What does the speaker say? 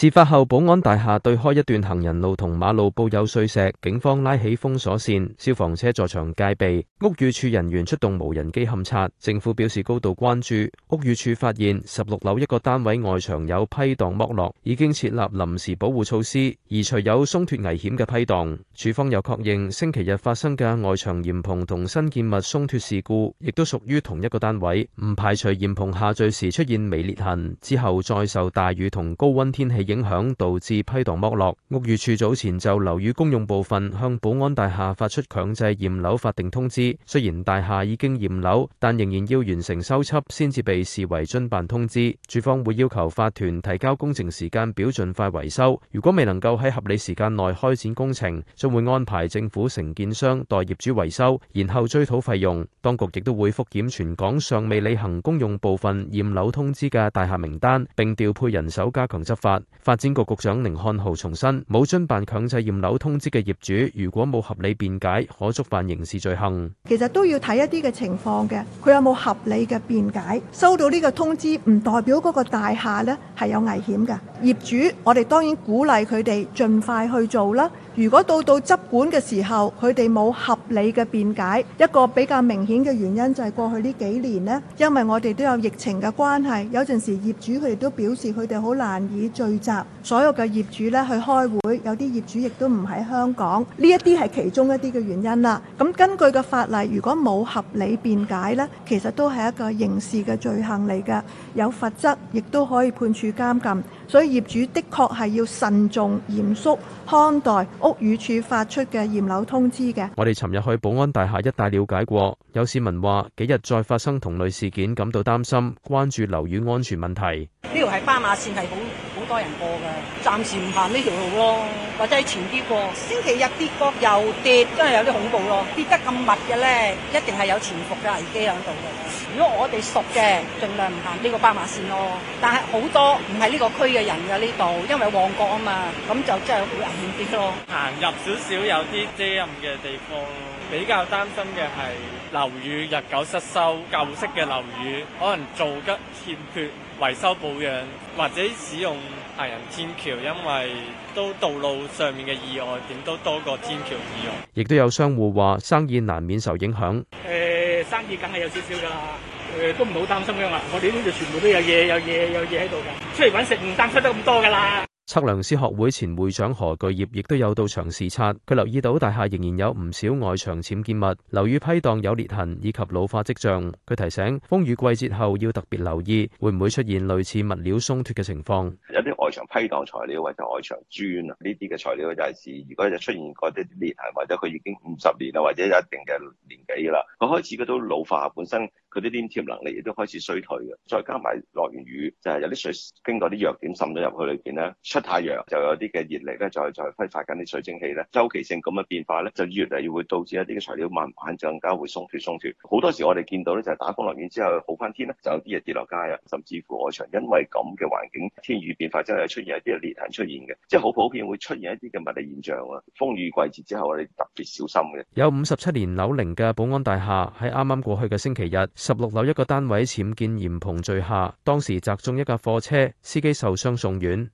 事發後，寶安大廈對開一段行人路同馬路佈有碎石，警方拉起封鎖線，消防車在場戒備。屋宇署人員出動無人機勘察，政府表示高度關注。屋宇署發現十六樓一個單位外牆有批盪剝落，已經設立臨時保護措施，移除有鬆脫危險嘅批盪。署方又確認星期日發生嘅外牆簷蓬同伸建物鬆脫事故，亦都屬於同一個單位，唔排除簷蓬下墜時出現微裂痕之後再受大雨同高溫天氣影響導致批盪剝落。屋宇署早前就樓宇公用部分向寶安大廈發出強制驗樓法定通知。雖然大廈已經驗樓，但仍然要完成修葺先至被視為遵辦通知。署方會要求法團提交工程時間表，盡快維修。如果未能夠喺合理時間內開展工程，將會安排政府承建商代業主維修，然後追討費用。當局亦都會覆檢全港尚未履行公用部分驗樓通知嘅大廈名單，並調配人手加強執法。發展局局長寧漢豪重申，冇遵辦強制驗樓通知嘅業主，如果冇合理辯解，可觸犯刑事罪行。其實都要睇一啲嘅情況嘅，佢有冇合理嘅辯解？收到呢個通知唔代表嗰個大廈呢係有危險嘅。業主，我哋當然鼓勵佢哋盡快去做啦。如果到到執管嘅時候，佢哋冇合理嘅辯解，一個比較明顯嘅原因就係過去呢幾年呢，因為我哋都有疫情嘅關係，有陣時業主佢哋都表示佢哋好難以聚集。所有嘅業主呢去開會，有啲業主亦都唔喺香港，呢一啲係其中一啲嘅原因啦。咁根據嘅法例，如果冇合理辯解呢，其實都係一個刑事嘅罪行嚟嘅，有罰則，亦都可以判處監禁。所以業主的確係要慎重嚴肅看待屋宇署發出嘅驗樓通知嘅。我哋尋日去寶安大廈一帶了解過，有市民話幾日再發生同類事件，感到擔心，關注樓宇安全問題。呢條係斑馬線係好多人過嘅，暫時唔行呢條路咯，或者喺前啲過。星期日跌過又跌，真係有啲恐怖咯，跌得咁密嘅咧，一定係有潛伏嘅危機喺度嘅。如果我哋熟嘅，盡量唔行呢個斑馬線咯。但係好多唔係呢個區嘅人嘅呢度，因為旺角啊嘛，咁就真係好危險啲咯。行入少少有啲遮蔭嘅地方，比較擔心嘅係樓宇日久失修，舊式嘅樓宇可能做得欠缺。維修保養或者使用行人天橋，因為都道路上面嘅意外點都多過天橋意外。亦都有商戶話生意難免受影響。誒、呃、生意梗係有少少㗎啦，誒、呃、都唔好擔心㗎嘛。我哋呢度全部都有嘢，有嘢，有嘢喺度㗎。出嚟搵食唔單出得咁多㗎啦。測量師學會前會長何巨業亦都有到場視察，佢留意到大廈仍然有唔少外牆僭建物，樓宇批盪有裂痕以及老化跡象。佢提醒，風雨季節後要特別留意，會唔會出現類似物料鬆脱嘅情況。外牆批盪材料或者外牆磚啊，呢啲嘅材料就係、是，如果就出現嗰啲裂痕，或者佢已經五十年啊，或者有一定嘅年紀啦，佢開始嗰啲老化，本身佢啲黏貼能力亦都開始衰退嘅，再加埋落完雨就係、是、有啲水經過啲弱點滲咗入去裏邊咧，出太陽就有啲嘅熱力咧，就係就係揮發緊啲水蒸氣咧，周期性咁嘅變化咧，就越嚟越會導致一啲嘅材料慢慢更加會鬆脱鬆脱。好多時我哋見到咧就係、是、打風落雨之後好翻天咧，就有啲嘢跌落街啊，甚至乎外牆因為咁嘅環境天雨變化真係。係出現一啲裂痕出現嘅，即係好普遍會出現一啲嘅物理現象啊。風雨季節之後，我哋特別小心嘅。有五十七年樓齡嘅寶安大廈喺啱啱過去嘅星期日，十六樓一個單位僭建簷篷墜下，當時砸中一架貨車，司機受傷送院。